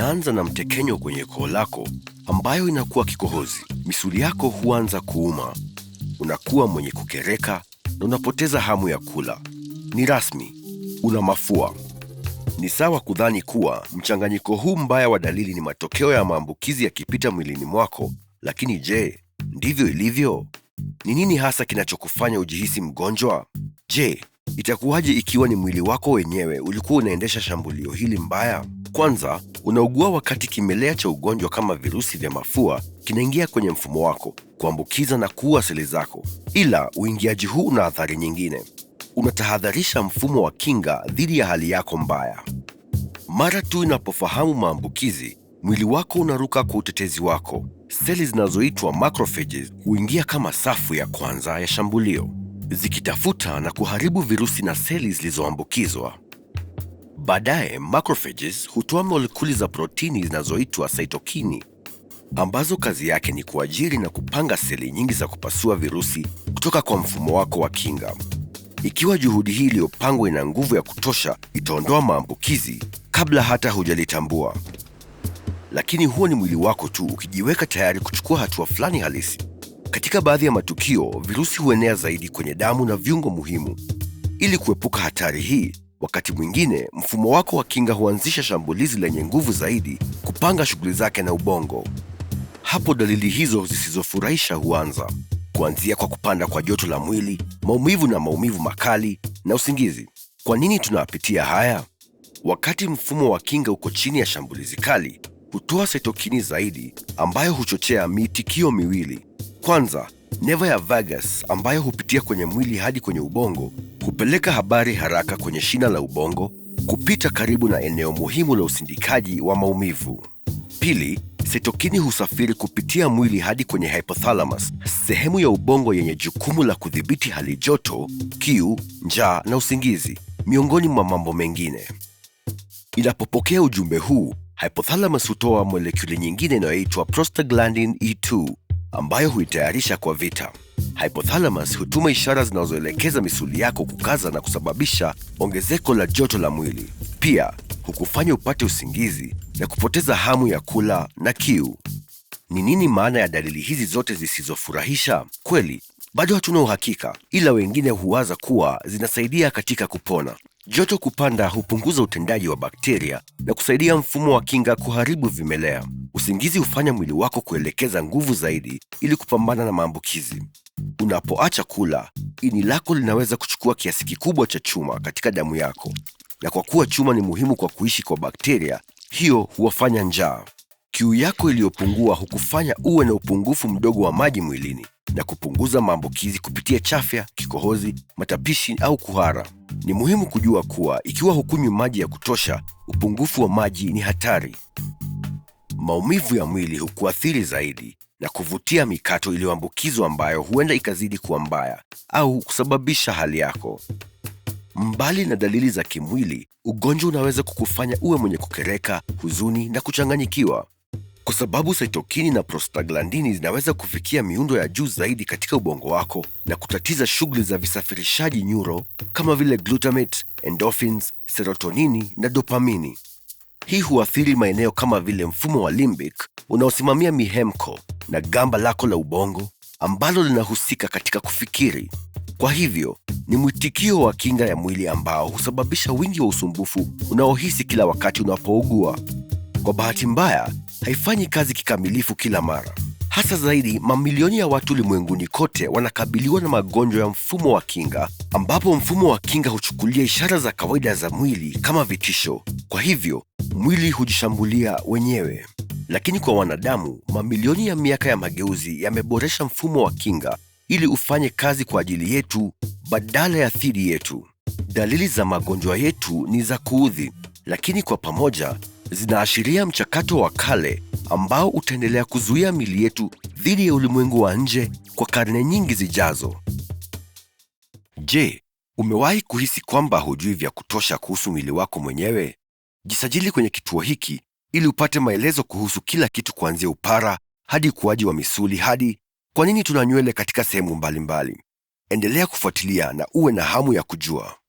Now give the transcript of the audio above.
inaanza na mtekenyo kwenye koo lako ambayo inakuwa kikohozi. Misuli yako huanza kuuma, unakuwa mwenye kukereka na unapoteza hamu ya kula. Ni rasmi, una mafua. Ni sawa kudhani kuwa mchanganyiko huu mbaya wa dalili ni matokeo ya maambukizi yakipita mwilini mwako, lakini je, ndivyo ilivyo? Ni nini hasa kinachokufanya ujihisi mgonjwa? Je, itakuwaje ikiwa ni mwili wako wenyewe ulikuwa unaendesha shambulio hili mbaya? Kwanza, unaugua wakati kimelea cha ugonjwa kama virusi vya mafua kinaingia kwenye mfumo wako kuambukiza na kuua seli zako. Ila uingiaji huu una athari nyingine. Unatahadharisha mfumo wa kinga dhidi ya hali yako mbaya. Mara tu inapofahamu maambukizi, mwili wako unaruka kwa utetezi wako. Seli zinazoitwa macrophages huingia kama safu ya kwanza ya shambulio, zikitafuta na kuharibu virusi na seli zilizoambukizwa. Baadaye macrophages hutoa molekuli za protini zinazoitwa saitokini ambazo kazi yake ni kuajiri na kupanga seli nyingi za kupasua virusi kutoka kwa mfumo wako wa kinga. Ikiwa juhudi hii iliyopangwa ina nguvu ya kutosha, itaondoa maambukizi kabla hata hujalitambua. Lakini huo ni mwili wako tu ukijiweka tayari kuchukua hatua fulani halisi. Katika baadhi ya matukio, virusi huenea zaidi kwenye damu na viungo muhimu. Ili kuepuka hatari hii, Wakati mwingine mfumo wako wa kinga huanzisha shambulizi lenye nguvu zaidi kupanga shughuli zake na ubongo. Hapo dalili hizo zisizofurahisha huanza, kuanzia kwa kupanda kwa joto la mwili, maumivu na maumivu makali na usingizi. Kwa nini tunapitia haya? Wakati mfumo wa kinga uko chini ya shambulizi kali, hutoa saitokini zaidi ambayo huchochea miitikio miwili. Kwanza, Neva ya vagus ambayo hupitia kwenye mwili hadi kwenye ubongo hupeleka habari haraka kwenye shina la ubongo kupita karibu na eneo muhimu la usindikaji wa maumivu. Pili, sitokini husafiri kupitia mwili hadi kwenye hypothalamus, sehemu ya ubongo yenye jukumu la kudhibiti hali joto, kiu, njaa na usingizi, miongoni mwa mambo mengine. Inapopokea ujumbe huu, hypothalamus hutoa molekuli nyingine inayoitwa prostaglandin E2 ambayo huitayarisha kwa vita. Hypothalamus hutuma ishara zinazoelekeza misuli yako kukaza na kusababisha ongezeko la joto la mwili. Pia hukufanya upate usingizi na kupoteza hamu ya kula na kiu. Ni nini maana ya dalili hizi zote zisizofurahisha? Kweli bado hatuna uhakika, ila wengine huwaza kuwa zinasaidia katika kupona. Joto kupanda hupunguza utendaji wa bakteria na kusaidia mfumo wa kinga kuharibu vimelea. Usingizi hufanya mwili wako kuelekeza nguvu zaidi ili kupambana na maambukizi. Unapoacha kula, ini lako linaweza kuchukua kiasi kikubwa cha chuma katika damu yako, na kwa kuwa chuma ni muhimu kwa kuishi kwa bakteria, hiyo huwafanya njaa. Kiu yako iliyopungua hukufanya uwe na upungufu mdogo wa maji mwilini na kupunguza maambukizi kupitia chafya, kikohozi, matapishi au kuhara. Ni muhimu kujua kuwa ikiwa hukunywi maji ya kutosha, upungufu wa maji ni hatari maumivu ya mwili hukuathiri zaidi na kuvutia mikato iliyoambukizwa ambayo huenda ikazidi kuwa mbaya au kusababisha hali yako. Mbali na dalili za kimwili, ugonjwa unaweza kukufanya uwe mwenye kukereka, huzuni na kuchanganyikiwa. Kwa sababu saitokini na prostaglandini zinaweza kufikia miundo ya juu zaidi katika ubongo wako na kutatiza shughuli za visafirishaji nyuro kama vile glutamate, endorphins, serotonini na dopamini. Hii huathiri maeneo kama vile mfumo wa limbic unaosimamia mihemko na gamba lako la ubongo ambalo linahusika katika kufikiri. Kwa hivyo ni mwitikio wa kinga ya mwili ambao husababisha wingi wa usumbufu unaohisi kila wakati unapougua. Kwa bahati mbaya, haifanyi kazi kikamilifu kila mara. Hasa zaidi, mamilioni ya watu ulimwenguni kote wanakabiliwa na magonjwa ya mfumo wa kinga, ambapo mfumo wa kinga huchukulia ishara za kawaida za mwili kama vitisho. Kwa hivyo, mwili hujishambulia wenyewe. Lakini kwa wanadamu, mamilioni ya miaka ya mageuzi yameboresha mfumo wa kinga ili ufanye kazi kwa ajili yetu badala ya dhidi yetu. Dalili za magonjwa yetu ni za kuudhi, lakini kwa pamoja zinaashiria mchakato wa kale ambao utaendelea kuzuia mili yetu dhidi ya ulimwengu wa nje kwa karne nyingi zijazo. Je, umewahi kuhisi kwamba hujui vya kutosha kuhusu mwili wako mwenyewe? Jisajili kwenye kituo hiki ili upate maelezo kuhusu kila kitu, kuanzia upara hadi ukuaji wa misuli hadi kwa nini tuna nywele katika sehemu mbalimbali. Endelea kufuatilia na uwe na hamu ya kujua.